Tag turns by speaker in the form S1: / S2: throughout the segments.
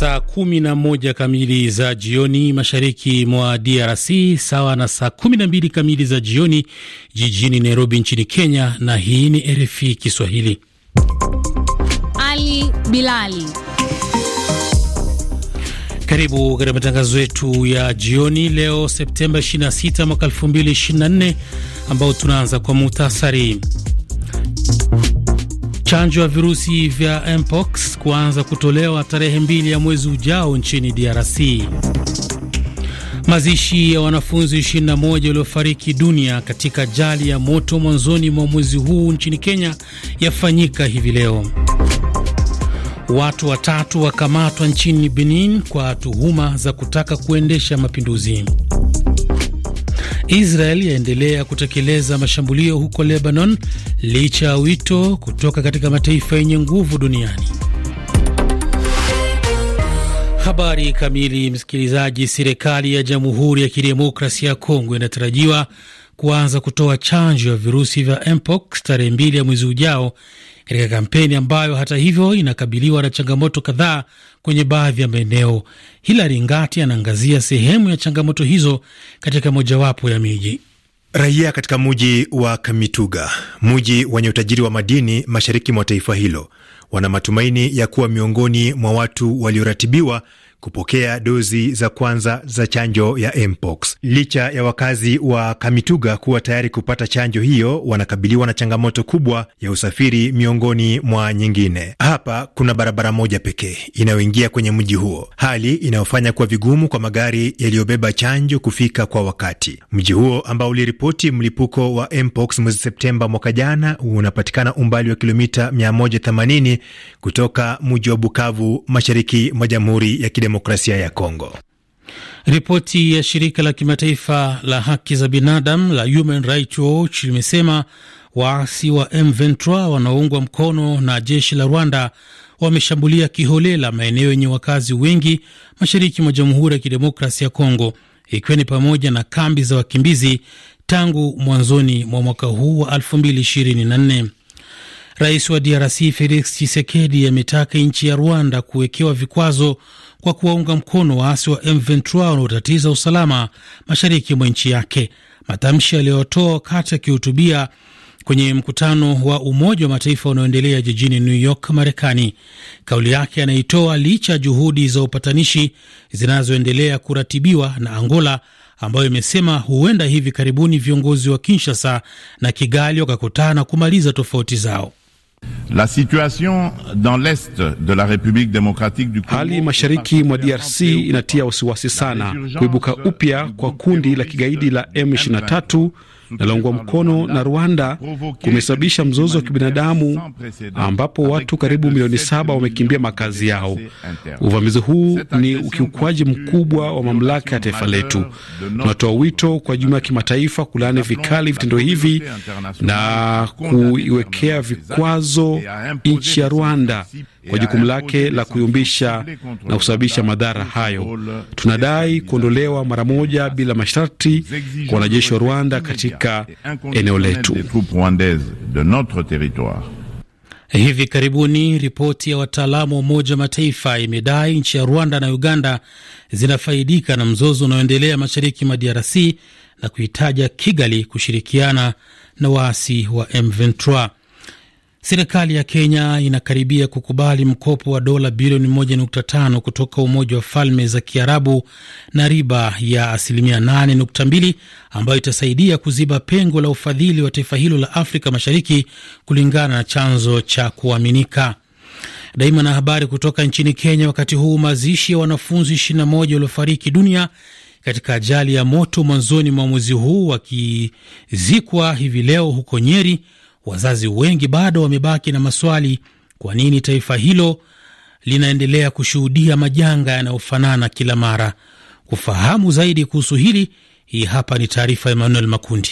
S1: saa kumi na moja kamili za jioni mashariki mwa DRC, sawa na saa kumi na mbili kamili za jioni jijini Nairobi nchini Kenya. Na hii ni RFI Kiswahili.
S2: Ali Bilali,
S1: karibu katika matangazo yetu ya jioni leo Septemba 26 mwaka 2024, ambao tunaanza kwa muhtasari Chanjo ya virusi vya mpox kuanza kutolewa tarehe mbili ya mwezi ujao nchini DRC. Mazishi ya wanafunzi 21 waliofariki dunia katika ajali ya moto mwanzoni mwa mwezi huu nchini Kenya yafanyika hivi leo. Watu watatu wakamatwa nchini Benin kwa tuhuma za kutaka kuendesha mapinduzi. Israel yaendelea kutekeleza mashambulio huko Lebanon licha ya wito kutoka katika mataifa yenye nguvu duniani. Habari kamili, msikilizaji. Serikali ya Jamhuri ya Kidemokrasia ya Kongo inatarajiwa kuanza kutoa chanjo ya virusi vya mpox tarehe mbili ya mwezi ujao, katika kampeni ambayo hata hivyo inakabiliwa na changamoto kadhaa kwenye baadhi ya maeneo. Hilari Ngati anaangazia sehemu ya changamoto hizo katika mojawapo ya
S3: miji Raia katika muji wa Kamituga, muji wenye utajiri wa madini mashariki mwa taifa hilo, wana matumaini ya kuwa miongoni mwa watu walioratibiwa kupokea dozi za kwanza za chanjo ya mpox. Licha ya wakazi wa Kamituga kuwa tayari kupata chanjo hiyo, wanakabiliwa na changamoto kubwa ya usafiri, miongoni mwa nyingine. Hapa kuna barabara moja pekee inayoingia kwenye mji huo, hali inayofanya kuwa vigumu kwa magari yaliyobeba chanjo kufika kwa wakati. Mji huo ambao uliripoti mlipuko wa mpox mwezi Septemba mwaka jana unapatikana umbali wa kilomita 180 kutoka mji wa Bukavu, mashariki mwa Jamhuri ya Kidemokrasia Kidemokrasia ya Kongo.
S1: Ripoti ya shirika la kimataifa la haki za binadamu la Human Rights Watch limesema waasi wa M23 wanaoungwa mkono na jeshi la Rwanda wameshambulia kiholela maeneo yenye wakazi wengi mashariki mwa Jamhuri ya Kidemokrasia ya Kongo, ikiwa ni pamoja na kambi za wakimbizi tangu mwanzoni mwa mwaka huu wa 2024. Rais wa DRC Felix Tshisekedi ametaka nchi ya Rwanda kuwekewa vikwazo kwa kuwaunga mkono waasi wa M23 wanaotatiza usalama mashariki mwa nchi yake. Matamshi aliyotoa wakati akihutubia kwenye mkutano wa Umoja wa Mataifa unaoendelea jijini New York, Marekani. Kauli yake anaitoa licha ya juhudi za upatanishi zinazoendelea kuratibiwa na Angola ambayo imesema huenda hivi karibuni viongozi wa Kinshasa na Kigali wakakutana kumaliza tofauti zao.
S4: La situation dans l'est de la République démocratique du Congo. Hali mashariki mwa DRC inatia wasiwasi sana. Kuibuka upya kwa kundi la kigaidi la M23 linaloungwa mkono na Rwanda kumesababisha mzozo wa kibinadamu ambapo watu karibu milioni saba wamekimbia makazi yao. Uvamizi huu ni ukiukwaji mkubwa wa mamlaka ya taifa letu. Tunatoa wito kwa jumuiya ya kimataifa kulaani vikali vitendo hivi na kuiwekea vikwazo nchi ya Rwanda kwa jukumu lake la kuyumbisha na kusababisha madhara hayo. Tunadai kuondolewa mara moja bila masharti kwa wanajeshi wa Rwanda katika eneo letu.
S1: Hivi karibuni ripoti ya wataalamu wa Umoja wa Mataifa imedai nchi ya Rwanda na Uganda zinafaidika na mzozo unaoendelea mashariki mwa DRC na kuitaja Kigali kushirikiana na waasi wa M23. Serikali ya Kenya inakaribia kukubali mkopo wa dola bilioni 1.5 kutoka Umoja wa Falme za Kiarabu na riba ya asilimia 8.2 ambayo itasaidia kuziba pengo la ufadhili wa taifa hilo la Afrika Mashariki, kulingana na chanzo cha kuaminika daima. Na habari kutoka nchini Kenya, wakati huu mazishi ya wanafunzi 21 waliofariki dunia katika ajali ya moto mwanzoni mwa mwezi huu wakizikwa hivi leo huko Nyeri wazazi wengi bado wamebaki na maswali: kwa nini taifa hilo linaendelea kushuhudia majanga yanayofanana kila mara? Kufahamu zaidi kuhusu hili, hii hapa ni taarifa ya
S5: Emmanuel Makundi.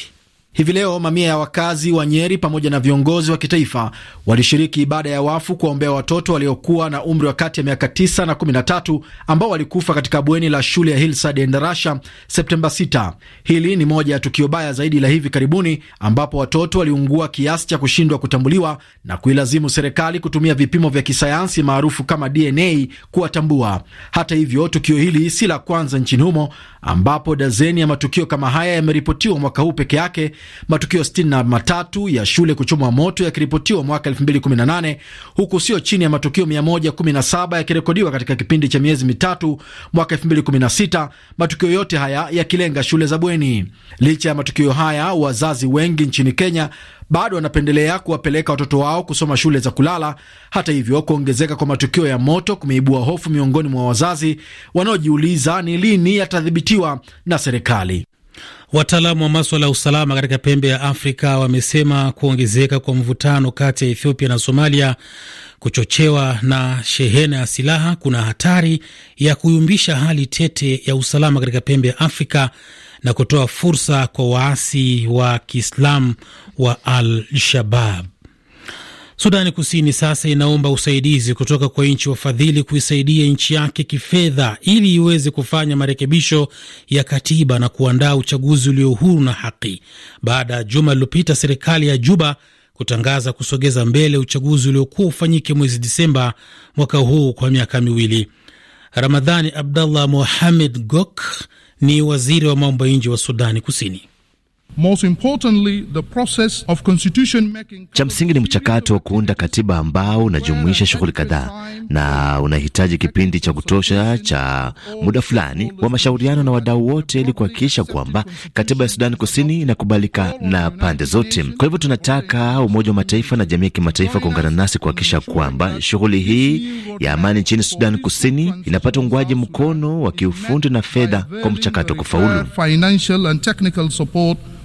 S5: Hivi leo mamia ya wakazi wa Nyeri pamoja na viongozi wa kitaifa walishiriki ibada ya wafu kuwaombea watoto waliokuwa na umri wa kati ya miaka 9 na 13 ambao walikufa katika bweni la shule ya Hillside Endarasha Septemba 6. Hili ni moja ya tukio baya zaidi la hivi karibuni ambapo watoto waliungua kiasi cha kushindwa kutambuliwa na kuilazimu serikali kutumia vipimo vya kisayansi maarufu kama DNA kuwatambua. Hata hivyo, tukio hili si la kwanza nchini humo ambapo dazeni ya matukio kama haya yameripotiwa mwaka huu peke yake matukio sitini na matatu ya shule kuchomwa moto yakiripotiwa mwaka 2018 huku sio chini ya matukio 117 yakirekodiwa katika kipindi cha miezi mitatu mwaka 2016, matukio yote haya yakilenga shule za bweni. Licha ya matukio haya, wazazi wengi nchini Kenya bado wanapendelea kuwapeleka watoto wao kusoma shule za kulala. Hata hivyo, kuongezeka kwa matukio ya moto kumeibua hofu miongoni mwa wazazi wanaojiuliza ni lini yatadhibitiwa na serikali. Wataalamu
S1: wa maswala ya usalama katika pembe ya Afrika wamesema kuongezeka kwa mvutano kati ya Ethiopia na Somalia kuchochewa na shehena ya silaha kuna hatari ya kuyumbisha hali tete ya usalama katika pembe ya Afrika na kutoa fursa kwa waasi wa Kiislamu wa Al-Shabab. Sudani Kusini sasa inaomba usaidizi kutoka kwa nchi wafadhili kuisaidia nchi yake kifedha ili iweze kufanya marekebisho ya katiba na kuandaa uchaguzi ulio huru na haki, baada ya juma lililopita serikali ya Juba kutangaza kusogeza mbele uchaguzi uliokuwa ufanyike mwezi Disemba mwaka huu kwa miaka miwili. Ramadhani Abdallah Mohamed Gok ni waziri wa mambo ya nje wa Sudani Kusini.
S4: Most importantly, the process of constitution making...
S6: cha msingi ni mchakato wa kuunda katiba ambao unajumuisha shughuli kadhaa na unahitaji kipindi cha kutosha cha muda fulani wa mashauriano na wadau wote, ili kuhakikisha kwamba katiba ya Sudani Kusini inakubalika na pande zote. Kwa hivyo tunataka Umoja wa Mataifa na jamii ya kimataifa kuungana nasi kuhakikisha kwamba shughuli hii ya amani nchini Sudani Kusini inapata ungwaji mkono wa kiufundi na fedha kwa mchakato kufaulu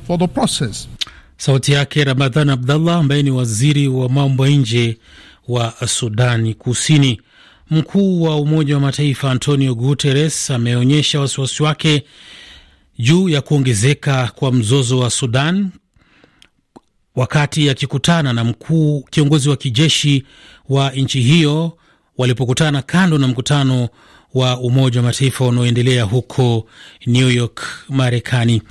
S1: for the process. Sauti yake Ramadhan Abdallah ambaye ni waziri wa mambo ya nje wa Sudani Kusini. Mkuu wa Umoja wa Mataifa Antonio Guterres ameonyesha wasiwasi wake juu ya kuongezeka kwa mzozo wa Sudan wakati akikutana na mkuu kiongozi wa kijeshi wa nchi hiyo walipokutana kando na mkutano wa Umoja wa Mataifa unaoendelea huko New York, Marekani.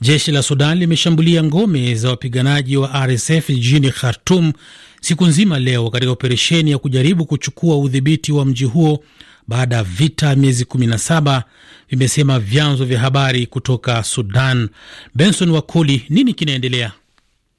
S1: Jeshi la Sudan limeshambulia ngome za wapiganaji wa RSF jijini Khartum siku nzima leo katika operesheni ya kujaribu kuchukua udhibiti wa mji huo baada ya vita miezi 17, vimesema vyanzo vya habari kutoka Sudan. Benson Wakoli, nini kinaendelea?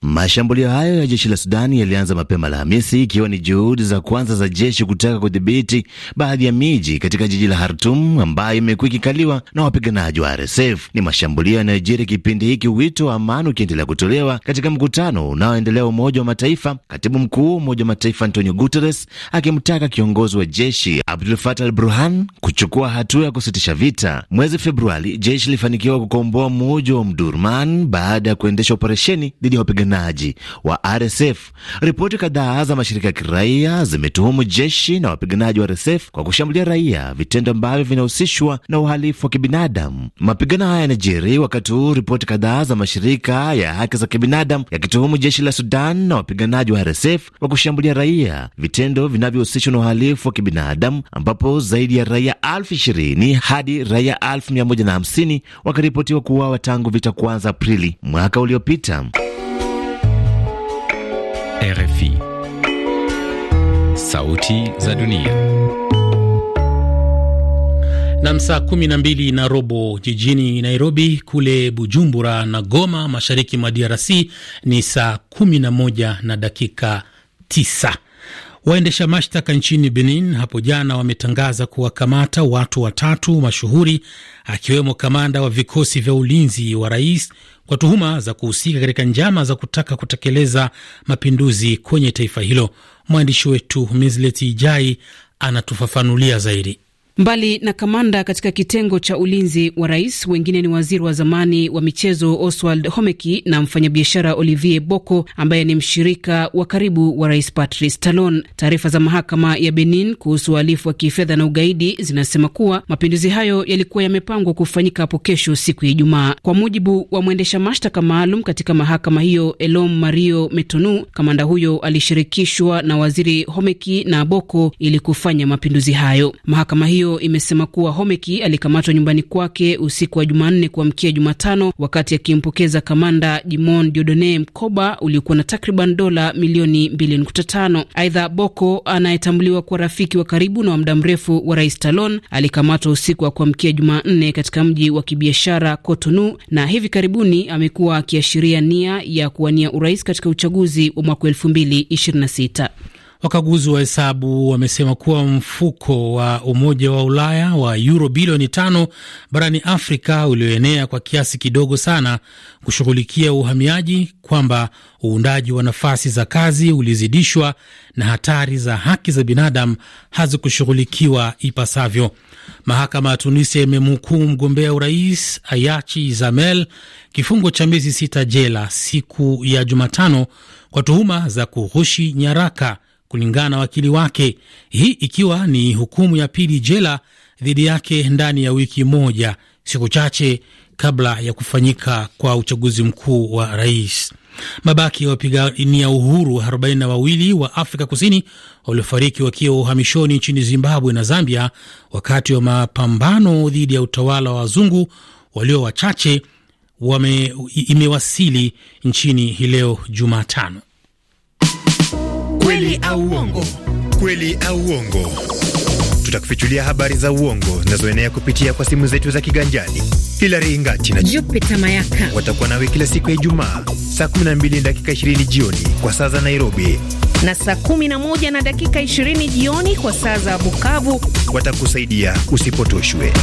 S6: Mashambulio hayo ya jeshi la Sudani yalianza mapema Alhamisi, ikiwa ni juhudi za kwanza za jeshi kutaka kudhibiti baadhi ya miji katika jiji la Hartum ambayo imekuwa ikikaliwa na wapiganaji wa RSF. Ni mashambulio yanayojiri kipindi hiki, wito wa amani ukiendelea kutolewa katika mkutano unaoendelea Umoja wa Mataifa, katibu mkuu wa Umoja wa Mataifa Antonio Guterres akimtaka kiongozi wa jeshi Abdul Fatah al Burhan kuchukua hatua ya kusitisha vita. Mwezi Februari jeshi lilifanikiwa kukomboa mji wa Mdurman baada ya kuendesha operesheni dhidi ya wapiganaji wapiganaji wa RSF. Ripoti kadhaa za mashirika ya kiraia zimetuhumu jeshi na wapiganaji wa RSF kwa kushambulia raia, vitendo ambavyo vinahusishwa na uhalifu wa kibinadamu. Mapigano haya yanajiri wakati huu, ripoti kadhaa za mashirika ya haki za kibinadamu yakituhumu jeshi la Sudan na wapiganaji wa RSF kwa kushambulia raia, vitendo vinavyohusishwa na uhalifu wa kibinadamu, ambapo zaidi ya raia elfu ishirini hadi raia elfu mia moja na hamsini wakaripotiwa kuuawa tangu vita kuanza Aprili mwaka uliopita. Sauti za Dunia.
S1: Nam, saa kumi na mbili na robo jijini Nairobi, kule Bujumbura na Goma mashariki mwa DRC ni saa kumi na moja na dakika tisa. Waendesha mashtaka nchini Benin hapo jana wametangaza kuwakamata watu watatu mashuhuri akiwemo kamanda wa vikosi vya ulinzi wa rais kwa tuhuma za kuhusika katika njama za kutaka kutekeleza mapinduzi kwenye taifa hilo. Mwandishi wetu Mizleti Ijai anatufafanulia zaidi.
S2: Mbali na kamanda katika kitengo cha ulinzi wa rais, wengine ni waziri wa zamani wa michezo Oswald Homeki na mfanyabiashara Olivier Boko ambaye ni mshirika wa karibu wa rais Patrice Talon. Taarifa za mahakama ya Benin kuhusu uhalifu wa kifedha na ugaidi zinasema kuwa mapinduzi hayo yalikuwa yamepangwa kufanyika hapo kesho, siku ya Ijumaa. Kwa mujibu wa mwendesha mashtaka maalum katika mahakama hiyo Elom Mario Metonu, kamanda huyo alishirikishwa na waziri Homeki na Boko ili kufanya mapinduzi hayo. Mahakama hiyo hiyo imesema kuwa Homeki alikamatwa nyumbani kwake usiku wa Jumanne kuamkia Jumatano wakati akimpokeza kamanda Jimon Diodone mkoba uliokuwa na takriban dola milioni 2.5. Aidha, Boko anayetambuliwa kuwa rafiki wa karibu na wa muda mrefu wa rais Talon alikamatwa usiku wa kuamkia Jumanne katika mji wa kibiashara Cotonou na hivi karibuni amekuwa akiashiria nia ya kuwania urais katika uchaguzi wa mwaka 2026.
S1: Wakaguzi wa hesabu wamesema kuwa mfuko wa Umoja wa Ulaya wa euro bilioni tano barani Afrika ulioenea kwa kiasi kidogo sana kushughulikia uhamiaji, kwamba uundaji wa nafasi za kazi ulizidishwa na hatari za haki za binadamu hazikushughulikiwa ipasavyo. Mahakama ya Tunisia imemhukumu mgombea urais Ayachi Zamel kifungo cha miezi sita jela siku ya Jumatano kwa tuhuma za kughushi nyaraka kulingana na wakili wake, hii ikiwa ni hukumu ya pili jela dhidi yake ndani ya wiki moja, siku chache kabla ya kufanyika kwa uchaguzi mkuu wa rais. Mabaki ya wapigania uhuru arobaini wawili wa Afrika Kusini waliofariki wakiwa uhamishoni nchini Zimbabwe na Zambia wakati wa mapambano dhidi ya utawala wa wazungu walio wachache wame, imewasili nchini hii leo Jumatano.
S3: Kweli au uongo? Kweli au uongo? Tutakufichulia habari za uongo zinazoenea kupitia kwa simu zetu za kiganjani. Hilari Ingati na
S2: Jupita Mayaka
S3: watakuwa nawe kila siku ya Ijumaa saa 12 dakika 20 jioni kwa saa za Nairobi
S2: na saa 11 na dakika 20 jioni kwa saa za Bukavu.
S3: Watakusaidia usipotoshwe.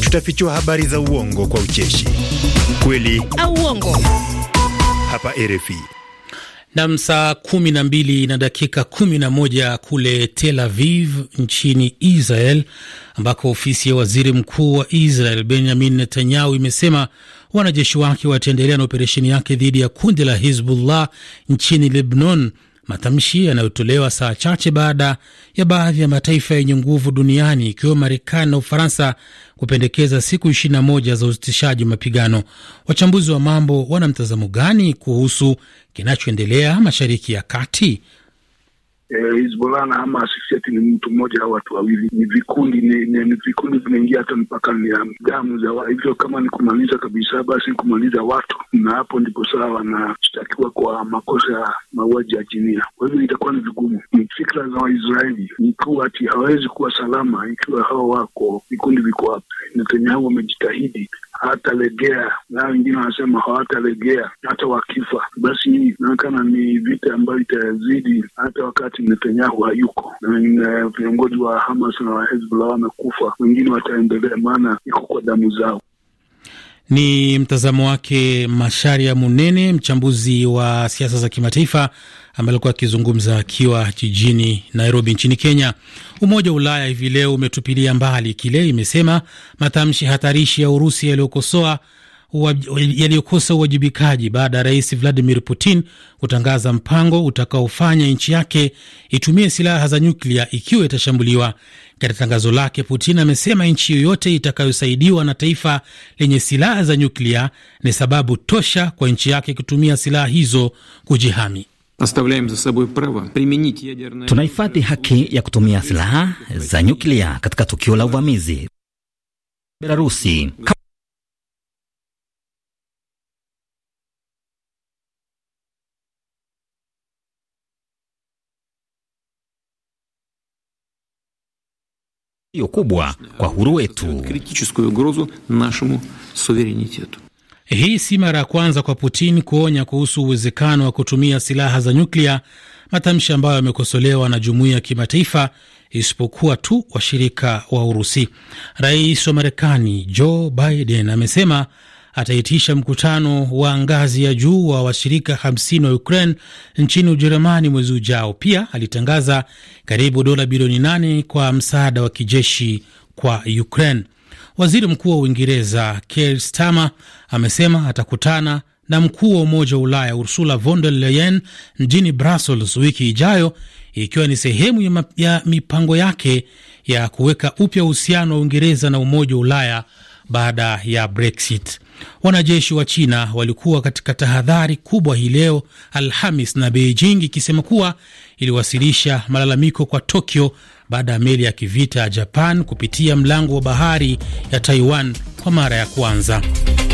S3: Tutafichua habari za uongo kwa ucheshi, kweli
S2: au uongo,
S3: hapa RFI. Nam, saa kumi na mbili
S1: na dakika kumi na moja kule Tel Aviv nchini Israel, ambako ofisi ya waziri mkuu wa Israel Benjamin Netanyahu imesema wanajeshi wake wataendelea na operesheni yake dhidi ya kundi la Hizbullah nchini Lebanon matamshi yanayotolewa saa chache baada ya baadhi ya mataifa yenye nguvu duniani ikiwemo Marekani na Ufaransa kupendekeza siku 21 za usitishaji wa mapigano. Wachambuzi wa mambo wana mtazamo gani kuhusu kinachoendelea Mashariki ya Kati?
S4: Hizbollah eh, na Hamas sieti ni mtu mmoja au watu wawili, ni vikundi, ni vikundi vinaingia hata mpaka ni damu za hivyo. Kama ni kumaliza kabisa, basi kumaliza watu, na hapo ndipo sawa wanashtakiwa kwa makosa ya mauaji ya jinia. Kwa hivyo itakuwa ni vigumu. Ni fikra za Waisraeli kuwa ati hawawezi kuwa salama ikiwa hao wako vikundi viko wapi. Netanyahu wamejitahidi hawatalegea na wengine wanasema hawatalegea hata wakifa. Basi hii inaonekana ni vita ambayo itazidi hata wakati Netanyahu hayuko, na viongozi wa Hamas na wa Hezbollah wamekufa, wengine wataendelea, maana iko kwa damu zao.
S1: Ni mtazamo wake Masharia Munene, mchambuzi wa siasa za kimataifa ambaye alikuwa akizungumza akiwa jijini Nairobi nchini Kenya. Umoja wa Ulaya hivi leo umetupilia mbali kile imesema matamshi hatarishi ya Urusi yaliyokosoa yaliyokosa uwajibikaji baada ya rais Vladimir Putin kutangaza mpango utakaofanya nchi yake itumie silaha za nyuklia ikiwa itashambuliwa. Katika tangazo lake, Putin amesema nchi yoyote itakayosaidiwa na taifa lenye silaha za nyuklia ni sababu tosha kwa nchi yake kutumia silaha hizo kujihami. Tunahifadhi
S6: haki ya kutumia silaha za nyuklia katika tukio la uvamizi
S5: Belarusi.
S2: hiyo kubwa
S1: kwa uhuru wetu. Hii si mara ya kwanza kwa Putin kuonya kuhusu uwezekano wa kutumia silaha za nyuklia, matamshi ambayo yamekosolewa na jumuiya ya kimataifa isipokuwa tu washirika wa Urusi. Rais wa Marekani Joe Biden amesema ataitisha mkutano wa ngazi ya juu wa washirika 50 wa Ukraine nchini Ujerumani mwezi ujao. Pia alitangaza karibu dola bilioni 8 kwa msaada wa kijeshi kwa Ukraine. Waziri Mkuu wa Uingereza Keir Starmer amesema atakutana na mkuu wa Umoja wa Ulaya Ursula von der Leyen mjini Brussels wiki ijayo ikiwa ni sehemu ya mipango yake ya kuweka upya uhusiano wa Uingereza na Umoja wa Ulaya baada ya Brexit. Wanajeshi wa China walikuwa katika tahadhari kubwa hii leo Alhamis, na Beijing ikisema kuwa iliwasilisha malalamiko kwa Tokyo baada ya meli ya kivita ya Japan kupitia
S2: mlango wa bahari ya Taiwan kwa mara ya kwanza.